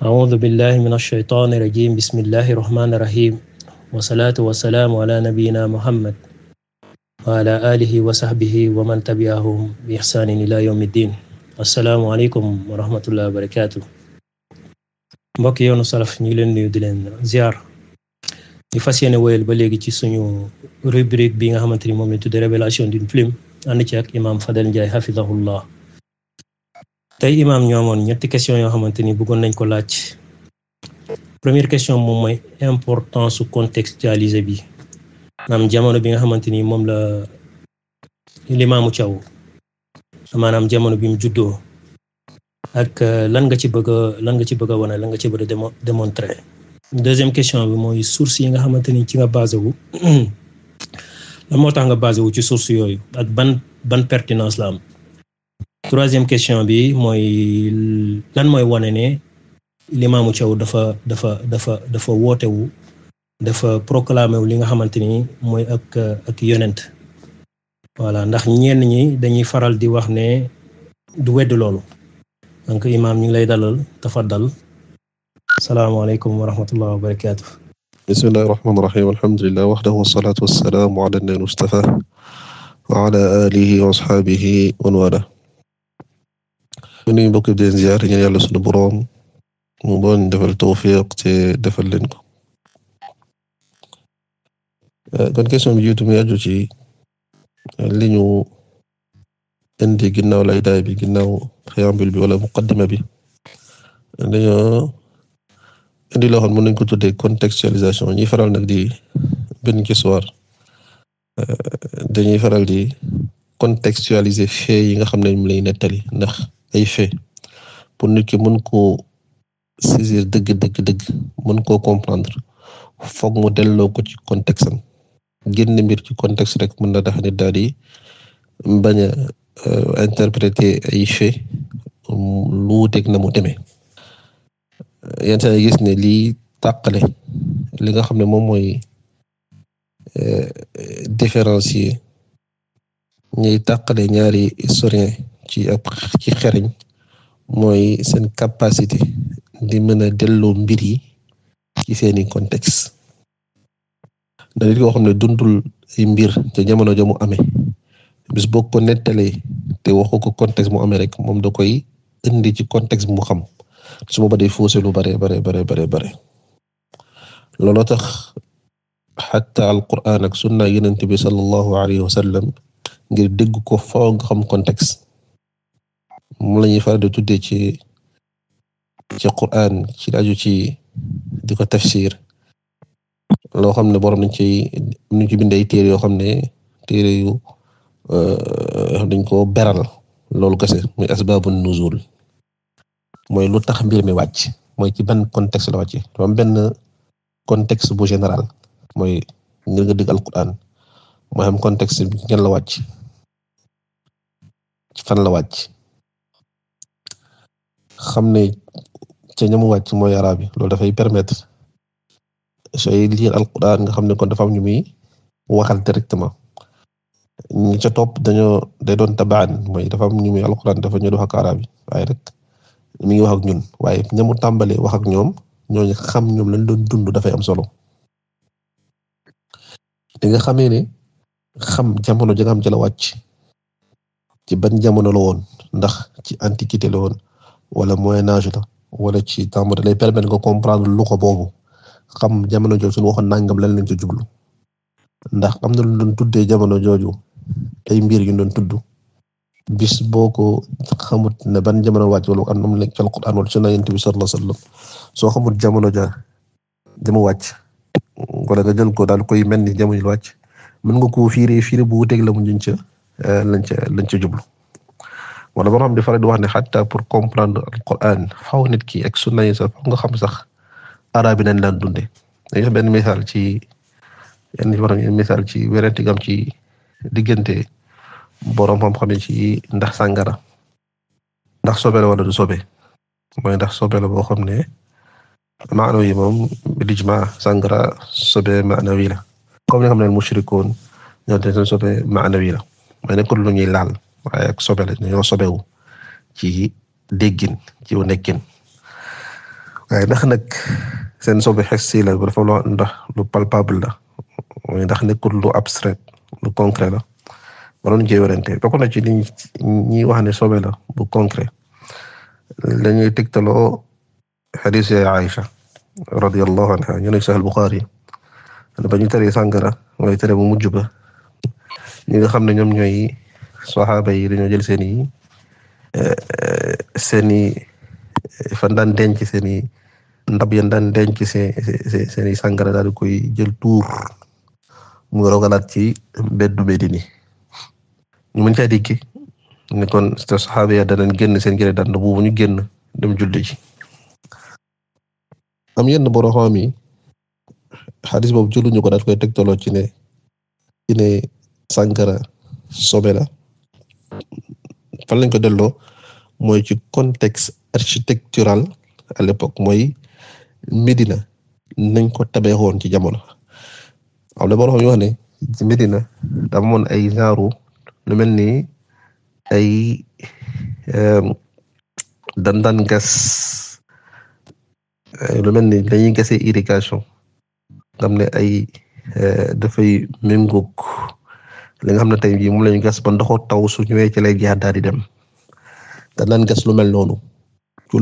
أعوذ بالله من الشيطان الرجيم بسم الله الرحمن الرحيم والصلاة والسلام على نبينا محمد وعلى آله وصحبه ومن تبعهم بإحسان إلى يوم الدين السلام عليكم ورحمة الله وبركاته mbokk yoonu salaf ñu ngi leen nuyu di leen ziar ñu fas yéene woyal ba léegi ci suñu rubrique bi nga xamante ni moom la tuddee révélation d'une plume ànd ci ak imam Fadel Ndiaye hafidahullah tey imaam ñoo amoon ñetti question yoo xamante ni bëggoon nañ ko laaj première question moom mooy importance su contextualiser bi maanaam jamono bi nga xamante ni moom la limaamu Thiaw maanaam jamono bi mu juddoo ak euh, lan nga ci bëgg a lan nga ci bëgg a wane lan nga ci bëgg a démontrer deuxième question bi mooy source yi nga xamante ni ci nga basé wu moo tax nga basé wu ci source yooyu ak ban ban pertinence la am. troisième question bi mooy lan mooy wane ne Limaamu Thiaw dafa dafa dafa dafa wootewu dafa proclamé wu li nga xamante ni mooy ak ak yonent voilà ndax ñenn ñi dañuy faral di wax ne du wedd loolu donc imaam ñu ngi lay dalal tafaddal salaamaaleykum wa rahmatullahi wa barakaatu bismillahi rahmaani rahim alhamdulilah waxdahu wasalaatu wasalaamu ala nabi mustafa wa ala alihi wa asxaabihi wa man wala ñu nuyu mbokk yi di yàlla sunu boroom mu bon defal tawfiq te defal leen ko eh, kon question ci eh, li ñu indi ginnaaw laytaay bi ginnaaw bi wala muqaddima bi dañoo indi loo xam mën nañ ko tuddee contextualisation ñi faral nag di benn eh, dañuy faral di contextualiser fait yi nga xam ne mu lay nettali ndax ay fait pour nit ki mën koo saisir dëgg dëgg dëgg mën koo comprendre foog mu delloo ko ci contexte am génn mbir ci contexte rek mën na tax nit daal di bañ a euh, ay fait lu teg na mu demee yenn saa gis ne lii tàqale li nga xam ne moom mooy euh, différencier ñuy tàqale ñaari historien ci ab ci xereñ mooy seen capacité di mën a delloo mbir yi ci seeni contexte da nit koo xam ne dundul mbir ca jamono ja mu amee bis boo ko nettalee te waxu ko contexte mu amee rek moom da koy indi ci contexte mu xam suma ba day faussé lu bare bare bare bare bare looloo tax xataa alquran ak sunna yonent bi sallallahu alayhi wa sallam ngir dégg ko faaw xam contexte moom la ñuy faral di tuddee ci ci Qur'an ci aju ci di ko tafsir loo xam ne borom nañ ci ñu ci bind ay téere yoo xam ne téere yu euh, dañ ko beral loolu kese muy asbabun nuzul mooy lu tax mbir mi wàcc mooy ci ban contexte la benn contexte bu général mooy ngir nga dégg Alquran la wàcc fan la wàcc xam ne ca ñamu wàcc mooy arab yi loolu dafay permettre sooy lire alquran nga xam ne kon dafa am ñu muy waxal directement ñi ca topp dañoo day doon tabaan mooy dafa am ñu muy alquran dafa ñu ak arab yi waaye rek mi ngi wax ak ñun waaye ñamu tàmbale wax ak ñoom ñooñu xam ñoom lañ doon dund dafay am solo di nga xamee ne xam jamono ji nga xam ci ban jamono la woon ndax ci antiquité la woon wala moyen âge la wala ci temps lay permettre nga comprendre lu ko boobu xam jamono jooju suñu waxoon nangam lan lañ ci jublu ndax am na lu doon tuddee jamono jooju ay mbir yu doon tudd bis boo ko xamut ne ban jamono wàcc wala am am nekk ci alquran wala sunna yonent bi sallallahu alayhi wasallam soo xamut jamono ja dama wàcc wala nga jël ko daal koy mel ni jamono wàcc mën nga koo fiiree fiire bu wuteeg la mu ñu eh, lañ ca lañ ca jublu. wala borom di faral di wax ne xataa pour comprendre Alquran faaw nit ki ak sunna yi sax faaw nga xam sax arabe nañ laan dundee benn misaal ci yenn borom ci werante gam ci diggante borom xam-xam ci ndax sàngara ndax sobe la wala du sobe mooy ndax la boo xam ne maanaam yi moom lijma sàngara sobe maanawi la comme ni nga xam ne mushrikoon ñoo te sobe maanawi la mooy nekkul ñuy laal. waaye ak sobe la ñoo sobewu ci déggin ci wu nekkin waaye ndax nag seen sobe xessi la dafa loo ndax lu palpable la mooy ndax nekkul lu abstrait lu concret la waroon cee werante bokk na ci li ñi wax ne sobe la bu concret lañuy tegtaloo xadiis ya Aïcha radiyallahu anha ñu nekk Sahih Bukhari ba ñu tere sàngara mooy tere bu mujj ba ñi nga xam ne ñoom ñooy saxaaba yi dañoo jël seen i eh, eh, seen i eh, fan daan denc seen i ndab yan daan denc seen seen daal di koy jël tuur mu rogalaat ci beddu Medina ñu mën caa dégg ne kon saxaaba ya danañ génn seen jëre daan boobu ñu génn dem julli ji am yenn borom xam yi xadis boobu jëluñu ko daal koy tegtaloo ci ne ci ne sobe la fan lañ ko delloo mooy ci contexte architectural à l'époque mooy midina nañ ko tabaxoon ci jamono am na moon ay genre lu mel ni ay euh, dandan gas euh, lu mel ni dañuy gasee irrigation nga ne ay euh, dafay méngoog. li nga xam ne tey jii moom la gas ba ndoxu taw su ñëwee ci lay jeex daal dem te naan gas lu mel noonu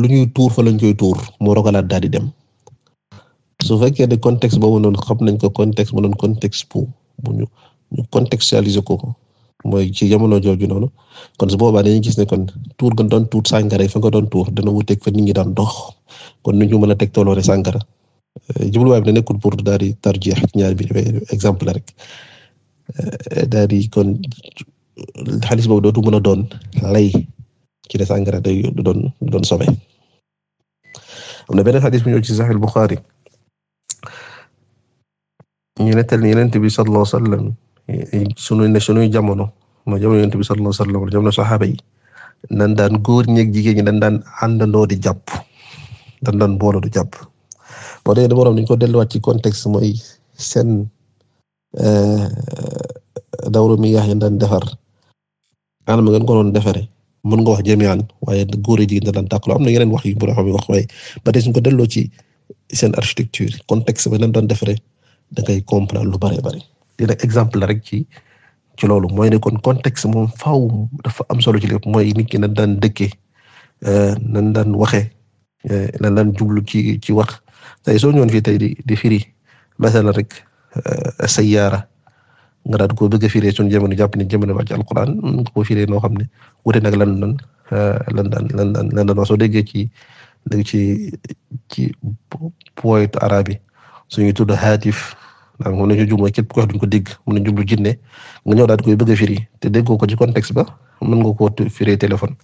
lu ñuy tuur fa lañ koy tuur mu rogalaat daal di dem su fekkee ne contexte boobu noonu xam nañ ko contexte bu doon contexte bu bu ñu ñu contextualiser ko mooy ci jamono jooju noonu kon su boobaa dañuy gis ne kon tuur nga doon tuur sàngara fa nga doon tuur dana wuteeg fa nit ñi daan dox kon nu ñu mën a teg tooloo ne sàngara eh, jubluwaay bi da nekkul pour daal di tarjeex ñaar bi exemple rek. Eh, daal di kon xaalis boobu dootu mën a doon lay ci des engrais day doon doon sobe am na benn xadis bu ñëw ci Sahih Bukhari ñu nettal bi sallallahu alayhi wasallam sunu ne sunuy jamono ma jamono Yonent bi sallallahu alayhi wasallam jamono saxaaba yi nan daan góor ñeeg jigéen ñi dan daan àndandoo di jàpp dan daan booloo di jàpp boo dee da borom dañ ko delluwaat ci contexte mooy seen Eh, dawru miyaax yi daan defar anam ngeen ko doon defaree mën nga wax jami'an waaye góor jigéen da daan tàqaloo am na yeneen wax yu borom xam wax waaye ba tey ko delloo ci seen architecture contexte ba leen doon defaree da ngay comprendre lu bari bari dina exemple rek ci ci loolu mooy ne kon contexte moom faw dafa am solo ci lépp mooy nit ki nan daan dëkkee eh, nan daan waxee eh, nan daan jublu ci ci wax tey soo ñëwoon fii tey di di firi masala rek. Euh, sayyaara nga daad ko bëgg a firee suñu jamono jàpp ne jamono wàcc alquran mën nga koo firee noo xam ne wute nag lan lan euh, lan daan lan daan lan soo déggee ci dégg ci ci poète arabe yi tudd haatif ndax mën nañu jublu képp ku duñ ko dégg mën nañu jublu jinne nga ñëw daal koy bëgg a firi te déggoo ko ci contexte ba mën nga ko firee téléphone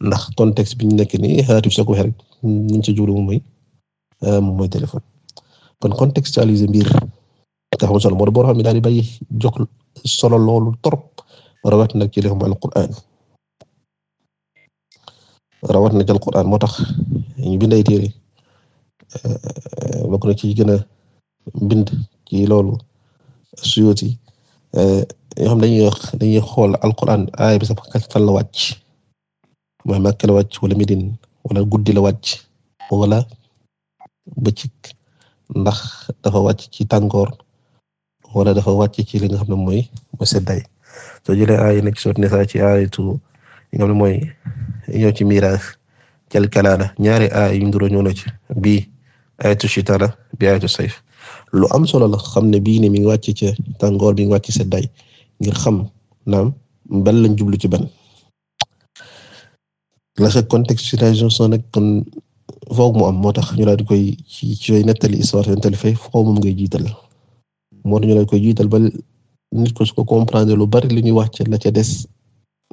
ndax contexte bi ñu nekk nii haatif sa ko waxee rek ñu ci jublu moom mooy euh, moom mooy téléphone kon mbir. dafa am solo moo boo xam ne daal di bàyyi jox solo loolu trop rawat na ci li mu alquran rawat na ci alquran moo tax bind ay téere eh, na ci gën a bind ci loolu suyuti eh, yoo xam dañuy dañuy xool alquran aaya bi sax kan la wàcc mooy Makka la wàcc wala Medine wala guddi la wàcc wala bëccëg ndax dafa wàcc ci tàngoor wala dafa wàcc ci li nga xam ne mooy mooy sedday soo jëlee aay nekk soo ne ci aayatu li mooy ñëw ci miraas jël ñaari aay yu nduro na ci bii aayatu shita la lu am solo la xam ne bii mi ngi wàcc ca tàngoor bi ngi wàcc sedday ngir xam ban lañ jublu ci ban la sa contextualisation nag kon foog mu am moo tax ñu daal di koy ci ci nettali histoire nettali fay moom ngay jiital moo tax ñu koy jiital ba nit ko su ko comprendre lu bari li ñuy wax ci la ca des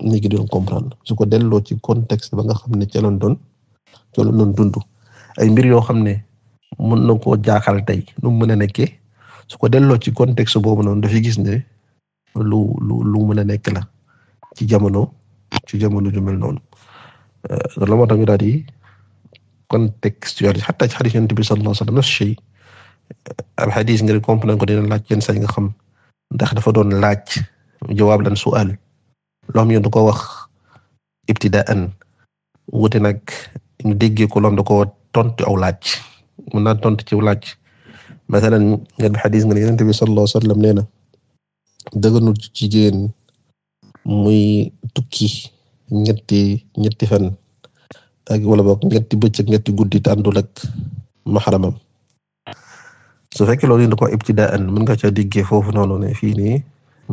nit ki doon comprendre su ko delloo ci contexte ba nga xam ne ca doon ca doon dund ay mbir yoo xam ne mën na ko jaaxal tey nu mu mën a nekkee su ko delloo ci contexte boobu noon dafay gis ne lu lu lu mën a nekk la ci jamono ci jamono ju mel noonu euh, loolu moo tax ñu daal di contextualiser xataa ci xadiis Yonent bi sallallahu alayhi wa sallam ab nga ngir comprendre ko dina laaj yenn saa nga xam ndax dafa doon laaj jawaab lan su'aal loo xam ne da ko wax ibtidaan wute nag ñu déggee ko loo xam da ko tontu aw laaj mën naa tontu ci laaj masalan nga ab xadis nga ne Yonent nee na dëgganul ci jigéen muy tukki ñetti ñetti fan ak wala boog ñetti bëccëg ñetti guddi te àndul ak maxaramam su fekkee loolu yëpp da koo ibtidaan mën nga caa déggee foofu noonu ne fii nii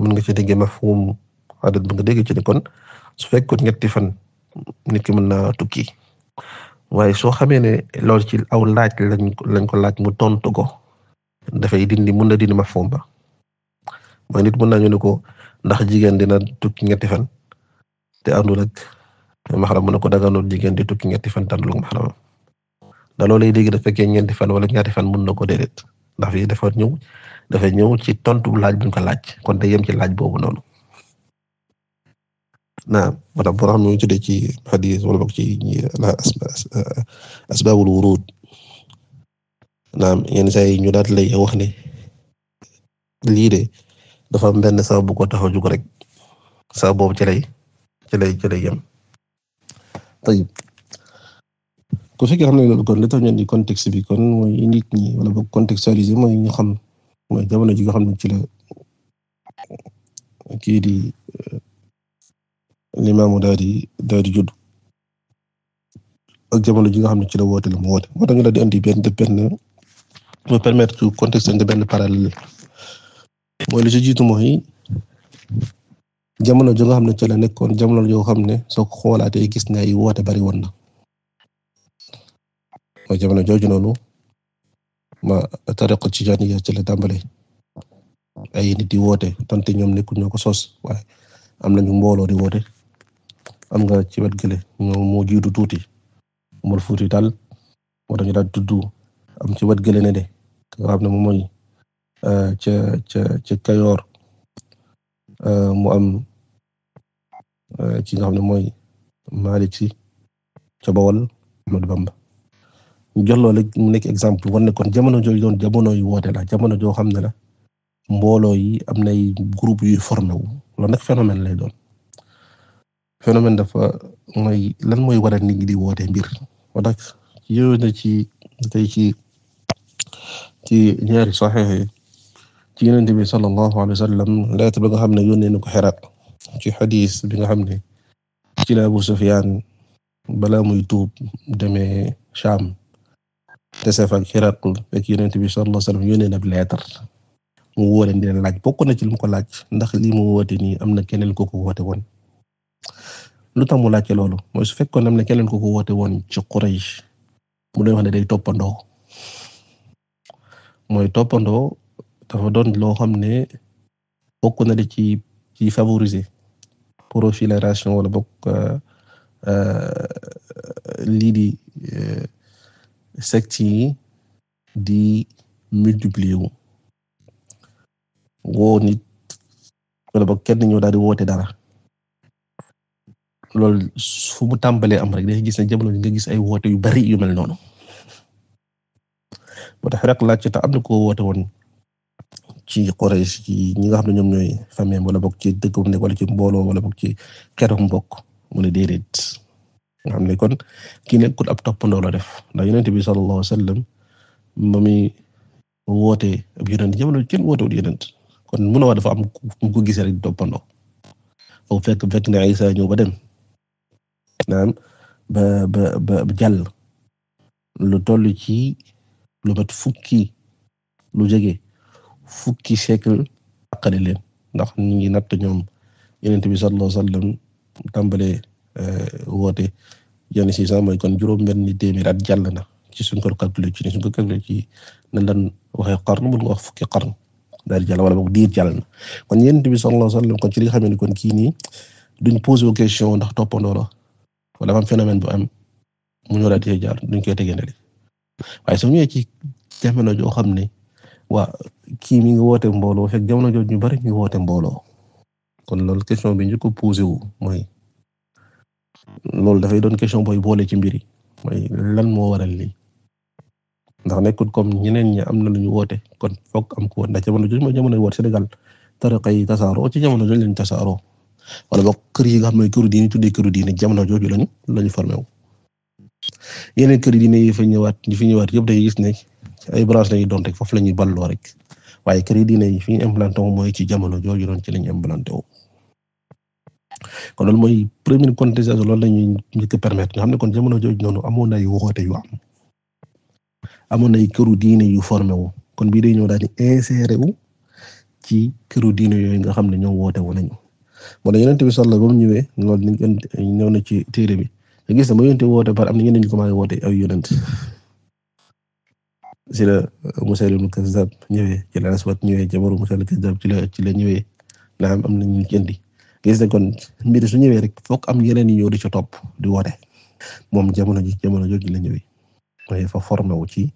mën nga caa déggee mafhum adad bu nga dégg ci ne kon su fekkoon ñetti fan nit ki mën na tukki waaye soo xamee ne loolu ci aw laaj lañ lañ ko laaj mu tontu ko dafay dindi mën na dindi mafhum ba mooy nit mën naa ñu ne ko ndax jigéen dina tukki ñetti fan te àndul ak maxaram mën na ko daganul jigéen di tukki ñetti fan te àndul ak maxaram da loolu lay dégg da fekkee ñeenti fan wala ñaari fan mën na ko déedéet. ndax fii dafa ñëw dafa ñëw ci tontu laaj buñ ko laaj kon day yem ci laaj boobu noonu naam moo tax boo xam ne tuddee ci xadis wala bokk naam yenn saa ñu daal lay wax ne lii de dafa am benn sabab bu ko tax a jóg rek sabab boobu ci lay ci lay ci lay ku fekkee xam ne loolu kon la tax ñu kon mooy nit ñi wala boog contextualisé mooy ñu xam mooy jamono ji nga xam ne ci kii di euh, limaamu daal di daal di judd ji nga xam ne ci la woote la woote moo tax ñu la di indi benn benn mu permettre que contexte benn parallèle mooy li ci jiitu mooy jamono ji nga xam ne ci la nekkoon jamono joo xam ne soo ko xoolaatee gis na ay woote bari woon na. mooy jamono jooju noonu ma tariqa tijaaniya ci la tàmbale ay nit di woote tante ñoom nekkul ñoo ko sos waaye am nañu mbooloo di woote am nga ci wet gële ñoom moo jiitu tuuti Umar Fuuti Taal moo tax ñu daal tudd am ci wet gële ne de nga xam ne moom mooy euh, ca ca ca Kayoor euh, mu am ci euh, nga xam ne mooy Maalik Si ca Bawol Ahmadu jox loolu mu nekk exemple war ne jamono jooju doon jamono yu woote la jamono joo xam ne la mbooloo yi am nay groupe yu formé wu loolu nag phénomène lay doon phénomène dafa mooy lan mooy waral nit ñi di woote mbir moo tax na ci tey ci ci ñaari saxiix yi ci Yonent bi sallallahu alayhi wa sallam ba nga xam ne yónnee na ko Hira ci xadis bi nga xam ne ci la Abu Sufyaan balaa muy tuub demee Sham Taseef ak Hiraql fekk Yonent bi sallallahu alayhi wa sallam yónnee na leetar mu woo leen di laaj bokk na ci lu mu ko laaj ndax lii mu woote nii am na keneen ko ko woote woon. lu tax mu laajte loolu mooy su fekkoon am na keneen ko ko woote woon ci Quraysh mu doon wax ne day toppandoo mooy toppandoo dafa doon loo xam ne bokk na di ci ci favoriser profilération wala bokk euh, euh, lii di. Euh, secte yi di multiplier woo nit wala boog kenn ñëw daal di woote dara loolu fu mu tàmbalee am rek day gis ne jamono nga gis ay woote yu bari yu mel noonu ba tax rek laajte te am na koo woote woon ci Quraysh ci ñi nga xam ne ñoom ñooy famille wala bokk ci dëkk bu nekk wala ci mbooloo wala boog ci xeetu mbokk mu ne déedéet. nga xam ne kon ki nekkul ab toppandoo la def ndax yonent bi sallallahu alayhi wasallam ba muy woote ab yonent jamono kenn wootewul yonent kon munoo dafa am ku ko gisee rek toppandoo foofu fekk fekk na Isa ñëw ba dem naan ba ba ba jàll lu toll ci lu mat fukki lu jege fukki siècle aqale leen ndax ñu ngi natt ñoom yonent bi sallallahu alayhi wasallam tàmbale euh, woote yoon six cent mooy kon juróom-benni téeméer at jàll na ci suñ ko calculé ci suñ ko calculé ci na lan waxee qarn bu wax fukki qarn daal di jàll wala boog diir jàll na kon yonent bi sallallahu alayhi wasallam kon ci li nga xam ne kon kii nii duñ posé question ndax toppandoo la wala am phénomène boo am mu ñëw daal di jaar duñ koy tegendale waaye su ñëwee ci jamono joo xam ne waa kii mi ngi woote mbooloo fekk jamono jooju ñu bari ñu woote mbooloo kon loolu question bi ñu ko posé wu mooy. loolu dafay doon question booy boole ci mbiri yi mooy lan moo waral li ndax nekkul comme ñeneen ñi am na lu ñu woote kon foog am ko ndax jamono jooju mooy jamono woote Sénégal tariqa yi tasaaroo ci jamono jooju lañ tasaaroo wala boog kër yi nga xam ne këru diine tuddee këru diine jamono jooju lañ lañu formé wu. yeneen kër diine yi fa ñëwaat yi fi ñëwaat yëpp day gis ne ay branche lañuy doon rek foofu la ñuy balloo rek waaye kër diine yi fi ñu implanté mooy ci jamono jooju doon ci lañu implanté wu. kon loolu mooy première contestation loolu la ñuy njëkk a permettre xam ne kon jamono jooju noonu amoon ay woote yu am amoon ay këru diine yu formé wu kon bii day ñëw daal di insérer ci këru diine yooyu nga xam ne ñoo woote wu nañu. moo tax yonent bi sallallahu ba mu ñëwee loolu dañ ko na ci téere bi nga gis ne ma yonent woote par am na ñeneen ñu commencé woote ay yonent si la Musaa ibn Kazzab ñëwee ci la Aswad ñëwee jabaru Musaa ibn Kazzab ci la ci la ñëwee naam am na ñu indi gis nga kon mbir su ñëwee rek fokk am yeneen yi ñëw di ci topp di wone moom jamono ji jamono jooju la ñëwee waaye fa formé wu ci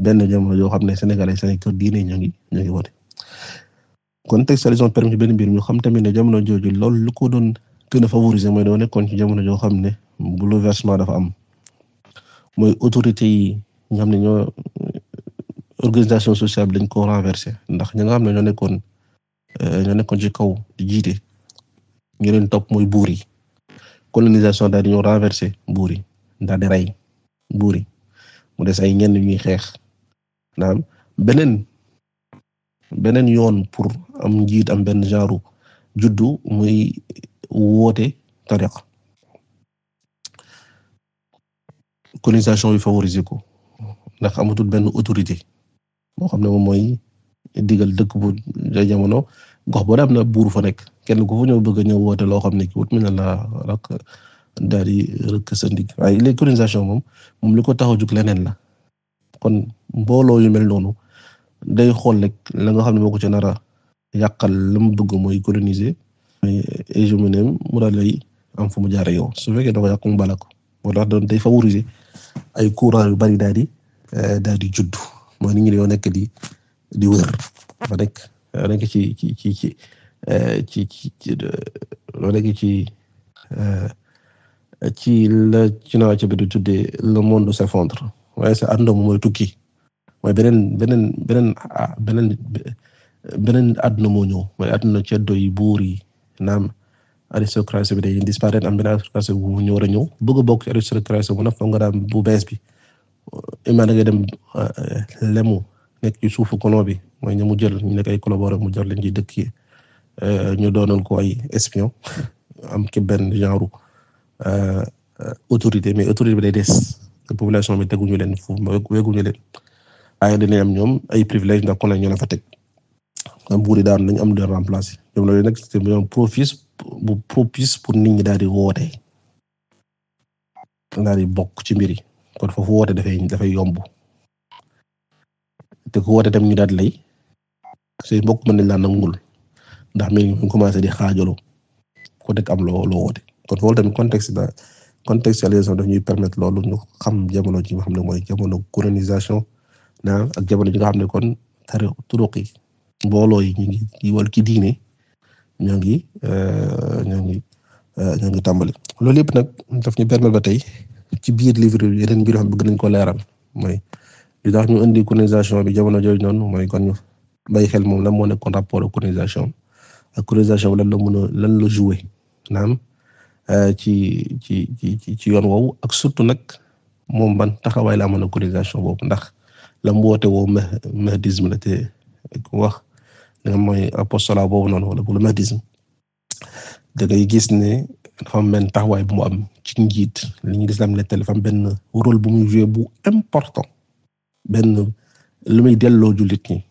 benn jamono joo xam ne sénégalais seen kër diine ñu ngi ñu ngi woote contextualisation permis benn mbir ñu xam tamit ne jamono jooju lool lu ko doon gën a favoriser mooy doo nekkoon ci jamono joo xam ne bouleversement dafa am mooy autorité yi nga xam ne ñoo organisation sociale bi dañ ko renverser ndax ñi nga xam ne ñoo nekkoon euh, ñoo nekkoon ci kaw di jiite. ñu leen topp mooy buur yi colonisation daal di ñëw renverser buur yi rey buur mu des ay ñenn ñuy xeex naam beneen yoon pour am njiit am benn genre juddu muy woote tariqa colonisation bi favoriser ko ndax amatul benn autorité moo xam ne moom mooy digal dëkk bu jamono gox boo am na buur fa nekk kenn ku fa ñëw bëgg a ñëw woote loo xam ne ki wut mi na la rek daal di rëkk sa waaye les colonisation moom moom li ko tax a jug leneen la kon mbooloo yi mel noonu day xool rek la nga xam ne moo ko ci nar a yàqal la mu bëgg mooy coloniser mais hégémonie mu daal lay fu mu jaare yow su fekkee da ko yàq mu ko moo tax day favoriser ay courant yu bari daal di eh, daal di judd mooy nit ñi dañoo nekk di di wër ba nekk. nekk ci ci ci ci eh, ci ci loo nekk ci eh, ci la ci nawa ca bi di tuddee le monde s'effondre waaye sa àdduna moom mooy tukki mooy beneen beneen beneen ah, beneen beneen àdduna moo ñëw mooy àdduna ceddo yi buur yi naam aristocratie bi day disparaître am beneen aristocratie bu ñëw war ñëw bëgg a bokk ci aristocratie mu na fa daan bu bees bi imaam da ngay nekk ci suufu colon bi mooy ñu mu jël ñu nekk ay collaborateurs mu jël leen ci dëkk yi euh, ñu doonoon ko ay espion am ci benn genre euh, autorité mais autorité bi day des population bi teguñu leen fu weguñu leen waaye dinañ am ñoom ay privilège ndax kon la ñu la fa teg buur yi daan nañ am de remplacer ñoom loolu nag c'est un propice bu propice pour nit ñi daal di woote daal di bokk ci mbir yi kon foofu woote dafay dafay yomb te ku woote tam ñu daal lay say mbokk mën nañ laa nangul ndax mi ngi commencé de xaajaloo ku nekk am loo loo woote kon loolu tamit contexte da contextualisation ñuy permettre loolu ñu xam jamono ji nga xam ne mooy jamono colonisation na ak jamono ji nga xam ne kon tari yi mbooloo yi ñu ngi yiwal ki diine ñoo ngi euh, ñoo ngi euh, ñoo ngi tàmbali. loolu yëpp nag daf ñu permettre ba tey ci biir livre yeneen mbir yoo xam bëgg nañ ko leeral mooy li tax ñu indi colonisation bi jamono jooju noon mooy kon ñu. bàyyi xel moom lan moo nekkoon rapport ak colonisation ak colonisation lan la mën lan la joué naam euh, ci ci ci ci yoon woowu ak surtout nag moom ban taxawaay laa amoon ak colonisation boobu ndax la mu woote woo mahdisme la te ku wax danga mooy apostolat boobu noonu wala bu mahdisme da ngay gis ne dafa am taxawaay bu mu am ci njiit li ñu lislaam la téléphone benn rôle bu mu joué bu important benn lu muy delloo jullit ñi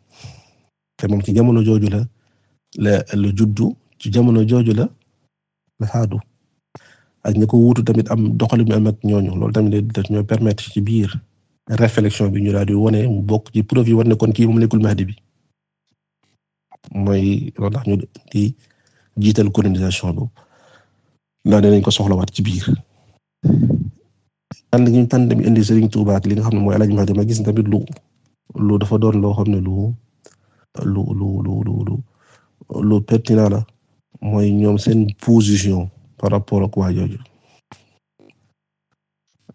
te moom ci jamono jooju la la juddu ci jamono jooju la la xaadu ak ko wuutu tamit am doxali mu am ak ñooñu loolu tamit daf ñoo permettre ci biir réflexion bi ñu daal di wone mu bokk ci preuve yi war ne kon kii moom nekkul Mahdi bi mooy loolu ñu di jiital colonisation boobu ndax dinañ ko soxlawaat ci biir. ànd gi ñu tànn dem indi Serigne Touba li nga xam ne mooy El Hadj Mahdi ma gis tamit lu lu dafa doon loo xam ne lu. lu lu lu lu lu pertinent la mooy ñoom seen position par rapport ak waa jooju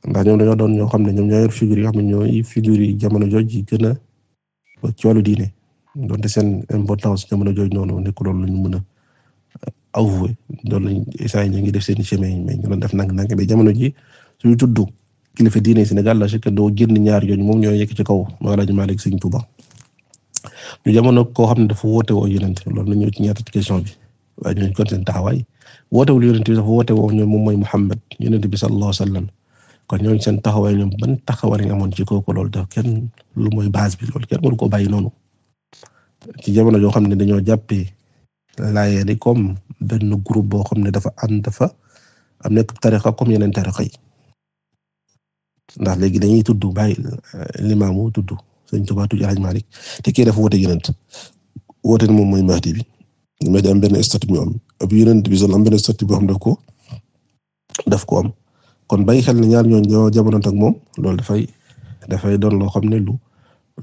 ndax ñoom dañoo doon ñoo xam ne ñoom ñoo yor figure yoo xam ne ñooy figure yi jamono jooj yi gën a ci wàllu diine donte seen importance jamono jooj noonu nekkul loolu la ñu mën a avoué loolu lañ essayé ñu ngi def seen chemin mais ñu doon def nang nang mais jamono ji suñu tudd kilifa diine Sénégal la c'est que doo génn ñaar yooyu moom ñoo yekk ci kaw Magaladi Malick Sëriñ Touba. du jamono koo xam ne dafa woote woo yonent loolu na ñëw ci ñetti question bi waaye dinañ continuer taxawaay wootewul yonent bi dafa woote woo ñoom moom mooy Muhammad yonent bi sallallahu alayhi wa sallam kon ñooñ seen taxawaay ñoom ban taxawaay nga amoon ci kooku loolu daf kenn lu mooy base bi loolu kenn waru ko bàyyi noonu ci jamono joo xam ne dañoo jàppee laayee di comme benn groupe boo xam ne dafa am dafa am nekk tariqa comme yeneen tariqa yi ndax léegi dañuy tudd bàyyi limaamu tudd sëñ Tuubaa tudd Alaaji Maalik te kii dafa woote yonent woote ne moom mooy Mahdi bi Mahdi am benn statut bi am ab yonent bi boo xam daf ko daf ko am kon bàyyi xel ne ñaar ñooñu ñoo jamonoonte ak moom loolu dafay dafay doon loo xam ne lu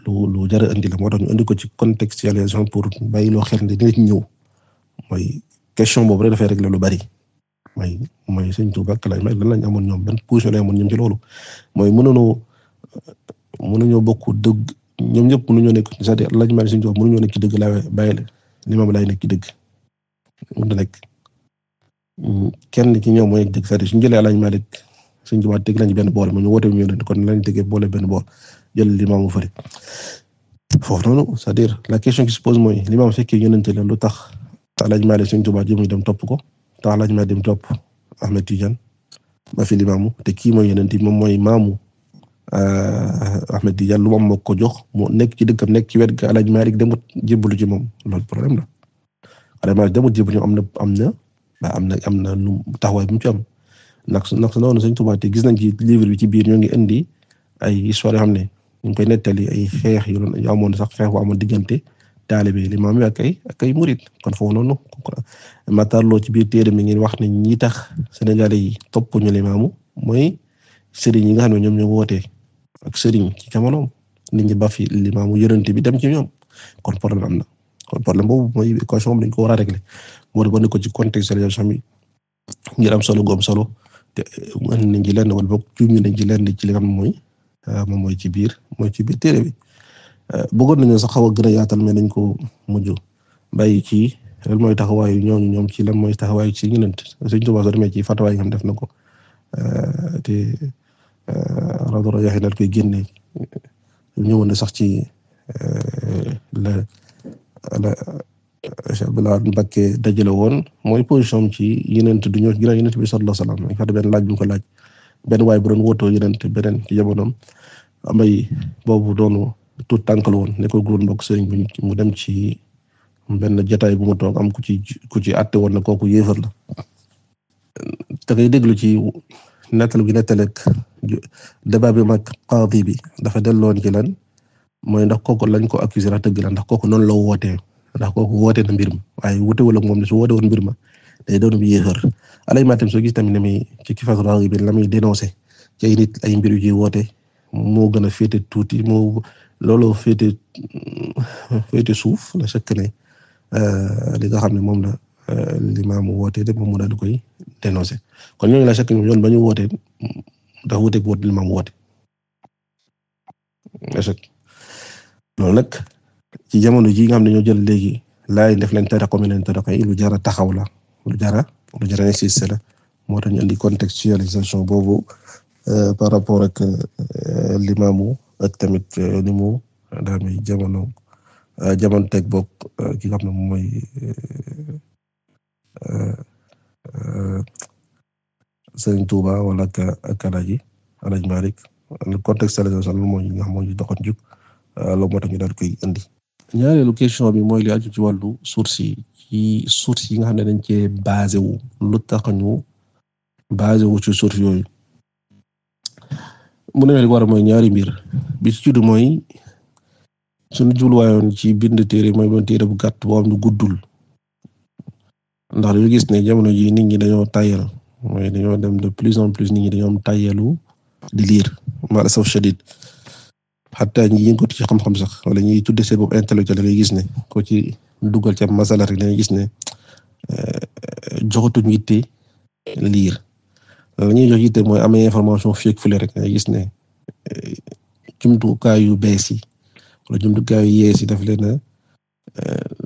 lu lu jar a indi la moo tax ñu indi ko ci contextualisation pour bay loo xel ne dina ci ñëw mooy question boobu rek la régler lu bari. mooy mooy sëñ Tuubaa ak Alaaji Maalik lan lañ amoon ñoom ban position lañ amoon ñoom ci loolu mooy mënoonoo. mënuñoo bokk dëgg ñoom ñëpp mënuñoo nekk c'est-à-dire laaj maa ngi suñu mënuñoo nekk ci dëgg laay bàyyi la ni moom laay nekk ci dëgg mënut a nekk mm, kenn ci ñoom mooy dëgg c'est-à-dire suñu jëlee laaj maa rek suñu jubaat teg nañu benn boor ma ñu woote ñu ne kon lañ tegee boole benn boor jël limaamu fari foofu noonu c'est-à-dire la question qui se pose mooy limaam fekkee yonente la lu tax laaj maa rek suñu jubaat yi muy dem topp ko tax laaj maa dem topp Ahmed Tidiane ba fi limaamu te kii mooy yonente moom mooy maamu Euh, Ahmed Tidiane lu moom moo ko jox mu nekk ci dëkkam nekk ci wet ga Alaaji Maalik demut jébbalu ci moom loolu problème la Alaaji dem demut jébbalu am na am na am na am na nu taxawaay bu mu ci am nak nak noonu Sëriñ Tuubaa te gis nañ ci livre ci biir ñoo ngi indi ay histoire yoo xam ne ñu koy nettali ay xeex yu sax xeex bu diggante taalibe limaam yi ak ay murid kon foofu noonu matarloo ci biir téere mi ngeen wax ne ñi tax Sénégalais yi topp ñu limaamu mooy sëriñ yi nga xam ne ñoom ñoo woote ak sëriñ ci jamonoom nit ñi ba fi limaamu yonent bi dem ci ñoom kon problème am na kon problème boobu mooy équation bi ko war a régler moo di ne ko ci contextualisation bi ngir am solo goom solo te mën nañ ci lenn wala boog juum nañ ci lenn ci li xam mooy euh, moom mooy ci biir mooy ci biir téere bi euh, bëggoon nañu sax xaw a gën a yaatal mais dañ ko mujj bay ci lan mooy taxawaayu ñooñu ñoom ci lan mooy taxawaayu ci ñeneen Sëriñ Tuubaa soo demee ci fatwa yi nga xam def na ko euh, te. Euh, Rawdu Rayaahiin daal koy génne euh, ñëwoon na sax ci la euh, la dajale woon mooy position ci Yonent du ñëw ginnaaw Yonent bi sallallahu alayhi wasallam dafa benn laaj bu ko laaj benn waay bu doon wootoo Yonent beneen jamonoom amay boobu doonu tuut tànkal woon ne ko góor mbokk sëriñ bi mu dem ci benn jotaay bu mu toog am ku ci ku ci àtte woon na kooku yéefar la te ci nettal gi ta débat bi mag qaadi bi dafa delloon ci lan mooy ndax kooku lañ ko accusé ndax dëgg la ndax kooku noonu la wootee ndax kooku mbir ma waaye wute wala la su woote woon mbir ma day doon bi yéexër alay maatam soo gis tamit ne muy ci kifaas raagi bi la muy dénoncé ci ay nit ay mbir yu ciy woote moo gën a féete tuuti moo loolo féete féete suuf la chaque ne euh, li nga xam ne moom la Euh, limaam wootee rek moom mu daal di koy dénoncer kon ñooñu la chaque ñoom yoon ba ñu wootee dafa wuteeg woote woote loolu nag ci jamono ji nga xam ne ñoo jël léegi laay def leen tere comme leen tere kay lu jara taxaw la lu jara lu jara insisté la moo tax ñu indi contextualisation boobu euh, par rapport ak euh, limaamu ak tamit ni mu daa jamono jamono teg boog ki nga xam ne mooy Serigne Touba wala ak ak Alaaji Alaaji Malik contextualisation loolu moo ñu nga xam moo ñu doxoon jug loolu moo ñu daal koy indi. ñaareelu question bi mooy li ci wàllu source yi ci source yi nga xam ne dañ cee basé wu lu tax ñu basé wu ci source yooyu. mu ne li war mooy ñaari mbir bi ci juddu mooy sunu jubluwaayoon ci bind téere mooy doon téere bu gàtt boo xam ne guddul. ndax dañu gis ne jamono ji nit ñi dañoo tayal mooy dañoo dem de plus en plus nit ñi dañoo am tayalu di liir ma saf shadid xataa ñi yëngatu ci xam-xam sax wala ñuy tudde seen bopp intellectuel da ngay gis ne ko ci dugal ca masala rek da gis ne eh, joxatuñ yitte liir la ñuy mooy amee information fii ak fële rek ngay gis ne eh, jumtukaay yu bees yi wala jumtukaay yu yees yi daf leen eh,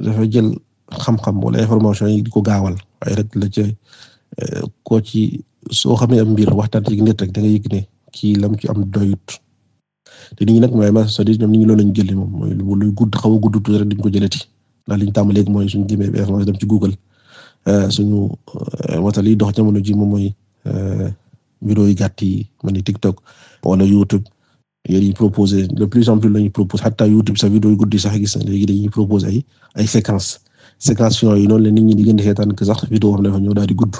dafa jël xam-xam wala information yi di ko gaawal waaye rek la ca eh, koo ci soo xamee am mbir waxtaan ci nit rek dangay nga yëg ne kii lam ci am doyut te nit ñi mooy ma sodi ñoom ñi loolu lañ jëlee moom mooy luy gudd xaw a gudd tuuti ko jëlati ndax liñ tàmm léegi mooy suñu jëmee information dem ci Google eh, suñu eh, wata liy dox jamono ji moom mooy vidéo yi gàtt yi ma ni TikTok wala YouTube yéen proposé de plus en plus lañuy proposé xataa YouTube sa vidéo yu gudd yi sax gis na léegi dañuy proposé ay ay séquences. séquences yi noonu la nit ñi di gën a seetaan sax vidéo xam ne dafa ñëw daal gudd.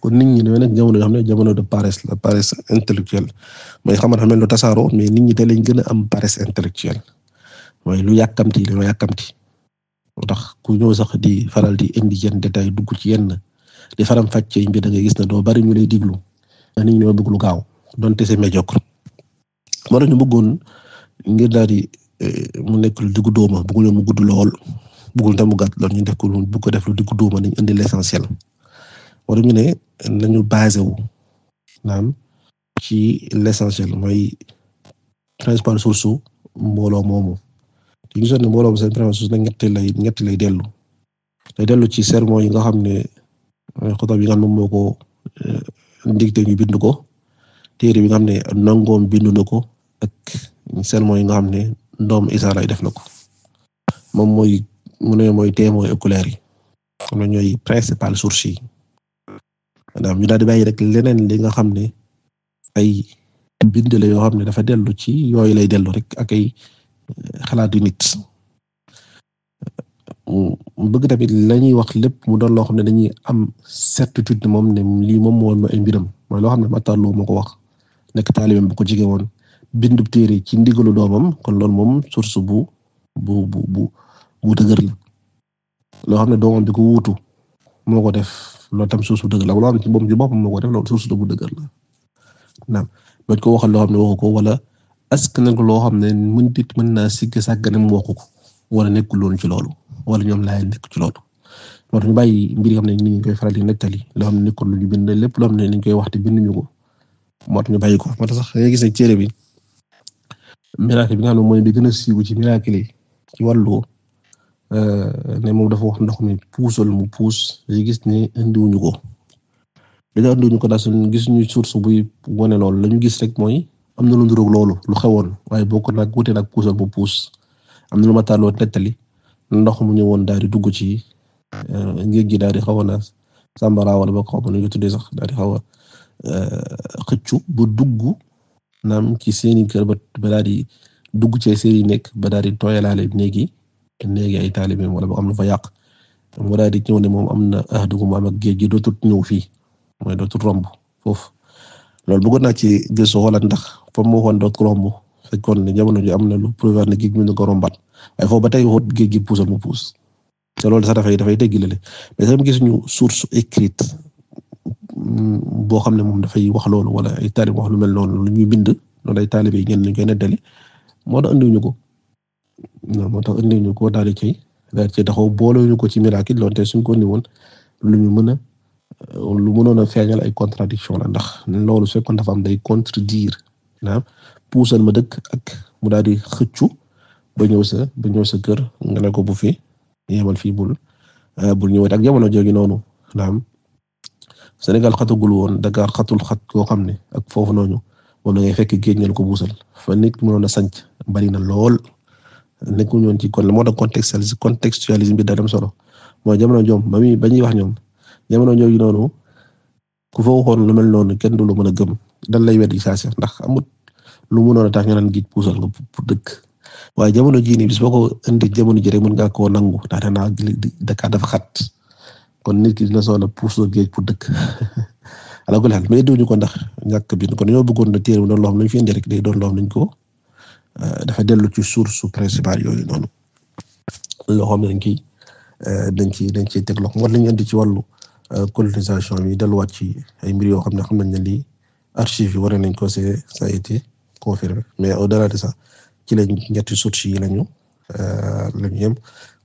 kon nit ñi dañoo nekk jamono yoo xam ne jamono de paresse la paresse intellectuelle mooy xamal xam ne tasaaro tasaaroo mais nit ñi tey lañ gën a am paresse intellectuelle mooy lu yàkkamti lu yàkkamti. moo tax ku ñëw sax di faral di indi yenn détail dugg ci yenn di faram fàccee mbir da ngay gis ne doo bari ñu lay diglu ndax nit ñi ñoo bëgg lu gaaw donte c'est médiocre. moo tax ñu bëggoon ngir daal di eh, mu nekk lu diggu dooma bëgguñu mu gudd lool. bëggul tam mu gàtt lool ñu def ko lu bëgg ko def lu diggu dóoma nañ indi l'essentiel wala ñu ne ñu basé wu naan ci l'essentiel mooy principal source su mbooloo moomu te ñu jot ne mbooloo seen principal source nag ñetti lay ñetti lay dellu lay dellu ci sermon yi nga xam ne xotob yi nga xam moom moo ko euh, ndigte ñu bind ko téere bi nga xam ne nangoom bindu na ko ak sermon yi nga xam ne ndoom Isa lay def na ko mu ne mooy témoin oculaire yi xam ne ñooy principal source yi maanaam ñu daal di bàyyi rek leneen li nga xam ne ay bind la yoo xam ne dafa dellu ci yooyu lay dellu rek ak ay eh, xalaat yu nit mu bëgg tamit la ñuy wax lépp mu doon loo xam ne dañuy am certitude moom ne lii moom moo woon ay mbiram loo xam ne Matarloo ma ko wax nekk taalibeem bu ko jege woon bindu téere ci ndigalu doomam kon lool moom source bu bu bu bu. bu dëgër la loo xam ne doomam bi ko wuutu moo ko def loolu tam suuf su dëgër la wala ci moom ci boppam moo ko def loolu suuf su bu dëgër la naam doot ko waxal loo xam ne waxu ko wala askan ko loo xam ne mën dit mën naa sigg sàggane mu waxu ko wala nekkul woon ci loolu wala ñoom laay nekk ci loolu moo tax ñu bàyyi mbir yoo xam ne ni ñu koy faral di nettali loo xam ne nekkul lu ñu bind lépp loo xam ne ni ñu koy wax te binduñu ko moo tax ñu bàyyi ko moo tax sax nga gis ne téere bi miracle bi nga xam ne mooy bi gën a siiw ci miracle yi ci wàllu ne euh, moom dafa wax ndox mi puusal mu puus yi gis ne indiwuñu ko li nga ko daal suñu gis ñu su buy wone loolu la ñu gis rek mooy am na lu nduróog loolu lu xewoon waaye boo ko nag wute nag puusal mu puus am na lu ma taaloo nettali ndox mu ñëwoon daal di dugg ci euh, géej gi daal di xaw a na sambara wala ba nu ñu tuddee sax daal di xaw a euh, xëccu dugg naam ci seeni kër ba di dugg ci seeni nekk ba daal di tooyalaale néeg yi léegi ay taalibeem wala am lu fa yàq mu daal di ñëw ne moom am na ahdukum am ak géej gi dootul ñëw fii mooy dootul romb foofu loolu bëggoon naa ci gëstu xoolal ndax fa mu waxoon dootul romb fekkoon ne jamono ji am na lu prévoir ne géej mi na ko rombaat waaye ba tey wut géej gi puusal mu puus te loolu sax dafay dafay déggilale mais sax gisuñu source écrite mm, boo xam ne moom dafay wax loolu wala ay taalib wax lu mel noonu lu ñuy bind loolu ay taalibe yi ñenn ñu koy nettali moo tax andiwuñu ko. non moo tax indi ñu ko daal di cay daal ci taxaw boole ñu ko ci miracle donte suñ ko ni woon lu ñu mën a euh, lu mënoon a feeñal ay contradiction la ndax loolu su dafa am day contredire naam puusal ma dëkk ak mu daal di xëccu ba ñëw sa ba ñëw sa kër nga ne ko bu fi yemal fii bul euh, bul ñëwee ak jamono jooju noonu naam xatagul woon Dakar xatul xat koo xam ne ak foofu nooñu moom la fekk géej ngeen ko buusal fa nit mënoon a sanc bari na lool. nekkuñu woon ci kon la moo tax contextualisme contextualisme bi da dem solo mooy jamono jom ba muy ba ñuy wax ñoom jamono jooju noonu ku fa waxoon lu mel noonu kenn du lu mën a gëm dan lay weddi saa ndax amut lu mënoon a tax nga naan gis puusal nga pour dëkk waaye jamono jii nii bis ko indi jamono ji mën ngaa koo nangu ndax danaa Dakar dafa xat kon nit ki dina soxla puusal géej pour dëkk. ala kulli xaal mais dégluwuñu ko ndax ñàkk bi kon ñoo bëggoon na téere mu doon loo xam ñu fi indi rek doon loo xam ko. Euh, dafa dellu ci source principale yooyu noonu loo xam ne dañ ciy euh, dañ ciy dañ ciy teg loxo war nañu andi ci wàllu euh, colonisation bi delluwaat ci ay mbir yoo xam ne xam nañ ne lii archives yi war nañ ko c'est ça a été mais au-delà de ça ci lañ ñetti sources yi lañu lañu yem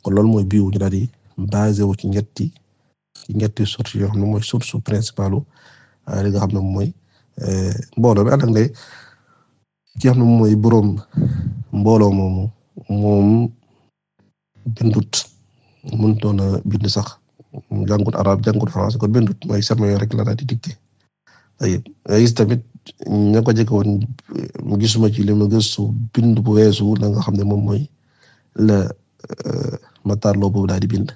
kon loolu mooy biiwu ñu daal di basé wu ci ñetti ci ñetti yoo xam ne mooy source principale li nga xam ne mooy mbooloo bi ànd ak ki xam ne moom mooy boroom mbooloo moomu moom bindut mënutoon a bind sax jàngut arab jàngut france kon bindut mooy sermon rek la daal di dikte ay gis tamit ko jëkk woon gisuma ci li ma gëstu bind bu weesu la nga xam ne moom mooy la euh, matarloo daal di bind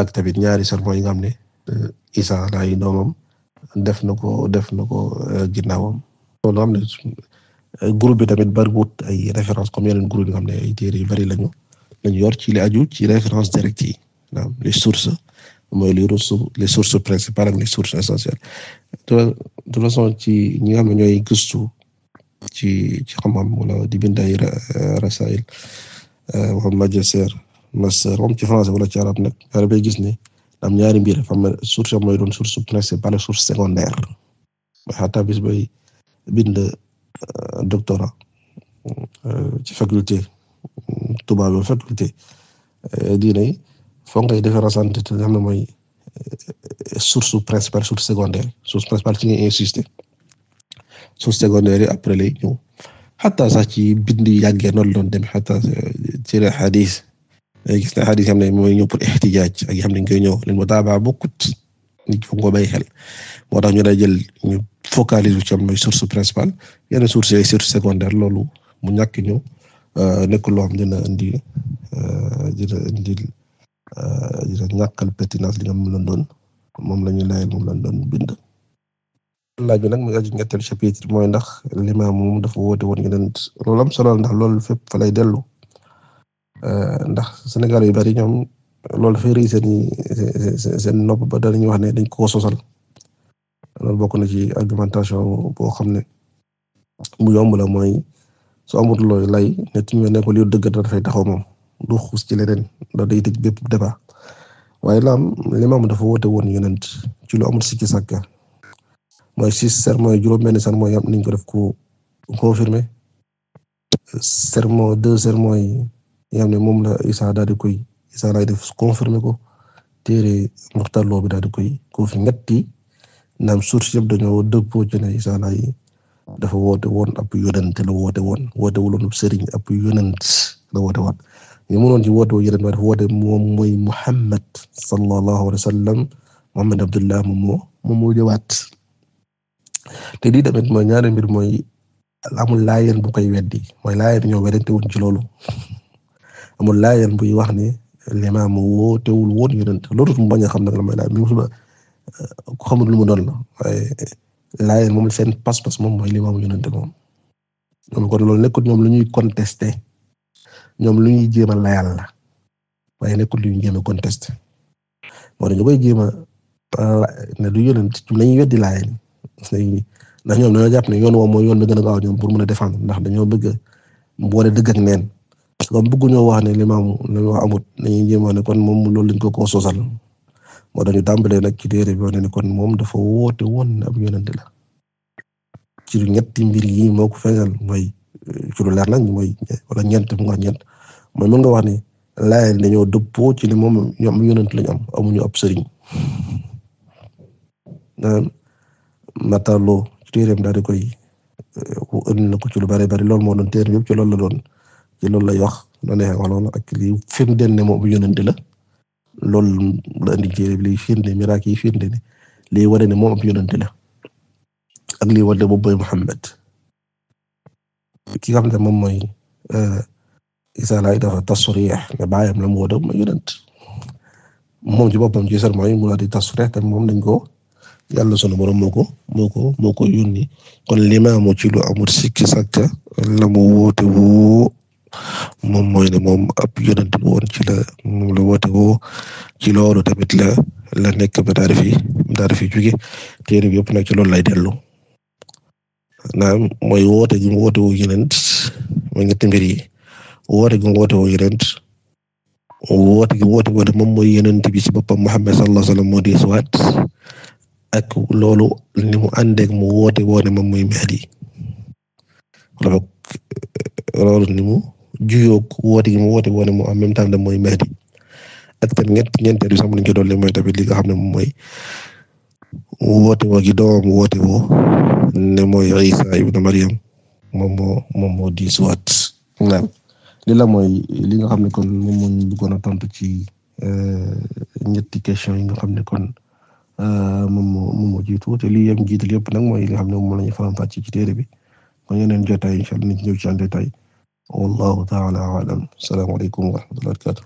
ak tamit ñaari sermon yi nga xam ne euh, Isa lay doomam def na ko def na ko euh, ginnaawam loolu am na groupe bi tamit bariwut ay référence comme yeneen groupe yi nga xam ne ay téere yu bari lañu lañu yor ci li aju ci référence directe yi maanaam les sources mooy les ressources les sources principales ak les sources essentielles de toute façon ci ñi am xam ne ñooy gëstu ci ci xam-xam wala di bind ay rasail euh, wala magistère master moom ci français wala ci arab nag daal bay gis ni am ñaari mbir dafa am source mooy doon source principale source secondaire ba xataa bis bay bind euh, doctorat euh, ci faculté tubaab bi faculté euh, diine yi foo ngay différencier te nga xam ne mooy source principale source secondaire source principale ci ngay insister source secondaire yi après lay ñëw xataa sax ci bind yi yàggee noonu doon demee xataa ci la xadis na xadis yi xam ne mooy ñëw pour ixtijaaj ak yi xam ne koy ñëw leen mutaaba bokkut nit fu nga ko xel moo tax ñu lay jël focalise wu ci am mooy source principale yenn source yi source secondaire loolu mu ñàkk ñëw euh, nekk loo xam dina indi euh, dina indi euh, dina ñàkkal pertinence li nga mu leen doon moom la ñu layal moom lañ doon bind. laaj bi nag mu ngi ñetteelu chapitre mooy ndax limaam moom dafa woote woon yeneen loolu am solo ndax loolu fépp fa lay dellu ndax Sénégal yu bari ñoom loolu fa réy seen seen nopp ba dañuy wax ne dañ koo sosal. loolu bokk na ci argumentation boo xam ne mu yomb la mooy soo amut looy lay nit we ne ko li dëgg da dafay taxaw moom du xuus ci leneen da day tëj bépp waaye laam limaam dafa woote woon yonent ci lu amul sikki sàkka mooy six sermon juróom-benn sermon yi niñ ko def ko confirmé sermon deux sermon yi nga xam ne moom la Isa daal di koy Isa lay def confirmé ko téere Muxtar Lo bi daal di koy ko fi ñetti naam source yëpp dañoo dëppoo ci ne Isa alayhi dafa woote woon ab yonent la woote woon woote sëriñ ab yonent la woote woon ñu mënoon ci woote wu yonent dafa woote moom mooy Muhammad sallallahu alayhi wa sallam Muhammad Abdullah moom moo moom moo jëwaat te lii tamit mooy ñaari mbir mooy amul laayeen bu koy weddi mooy laayeen ñoo werante woon ci loolu amul laayeen buy wax ne limaam woote wul woon yonent loolu mu bañ a xam nag la mooy laay xamul lu mu doon la waaye laayeen moom seen pas-pas moom mooy li maamu yonente moom ñoom kon loolu nekkul ñoom lu ñuy contester ñoom lu ñuy jéem a layal la waaye nekkul lu ñuy jéem a contester moo tax ñu koy jéem a ne du yonent ci nañu weddi laayeen ndax ñoom dañoo jàpp ne yoon woo mooy yoon bi gën a gaaw ñoom pour mën a défendre ndax dañoo bëgg boole dëgg ak neen parce que bëgguñoo wax ne li maamu li wax amut dañuy jéem a ne kon moom loolu lañ ko koo sosal moo dañu tàmbalee nag ci téere bi wane ne kon moom dafa woote woon ne ab yonent la ci ñetti mbir yi moo ko feeñal mooy euh, ci lu leer nañ mooy wala ñeent mën nga wax ne laayal dañoo dëppoo ci ne moom ñoom yonent lañu am amuñu ab sëriñ mataloo ci téereem daal di koy euh, ënd na ko ci lu bari bari loolu moo doon téere ci loolu la doon ci loolu lay wax la neex wala ak li firndeel ne moom yonent la loolu la indi téere bi liy firnde miracle yi firnde ne liy wane ne moom ab Muhammad ki nga xam ne moom mooy euh, Isa lay dafa tasrix ne baayam la mu woote mooy yonent moom ci boppam ci sar mooy mu la di tasrix te moom dañ ko yàlla sunu borom moo kon li ma amoo ci lu amul sikki sàkk la mu moom mooy ne moom ab yonent la woon ci la la woote woo ci loolu tamit la la nekk ba daal di fi daal di fi jóge téere bi ci loolu lay dellu naam mooy woote gi mu woote woo yonent mooy ñetti mbir yi woote gi mu woote woo yonent woote gi woote woo moom mooy yonent bi ci boppam Muhammad sallallahu alayhi wa sallam moo di suwaat ak loolu ni mu mu woote woo ne moom muy Mahdi loolu ni juyoog woote gi mu woote woon mu en même temps mooy Mahdi ak tamit ñett ñeenteelu sax mu ngi doon mooy tamit li nga xam ne moom mooy woote woo gi woote woo ne mooy Isa ibn Maryam moom moo moom moo di suwaat naam li la mooy li nga xam ne kon moom moo ñu bëggoon a tontu ci euh, ñetti question yi nga xam ne kon euh, moom moo moom moo jiitu te lii li nga xam ne moom la ñu faram fàcce ci téere bi kon yeneen jotaay incha allah ñu ñëw ci wallaahu ta'aalaa a'lam, assalaamu aleykum wa rahmatullaahi wa barakaatuh.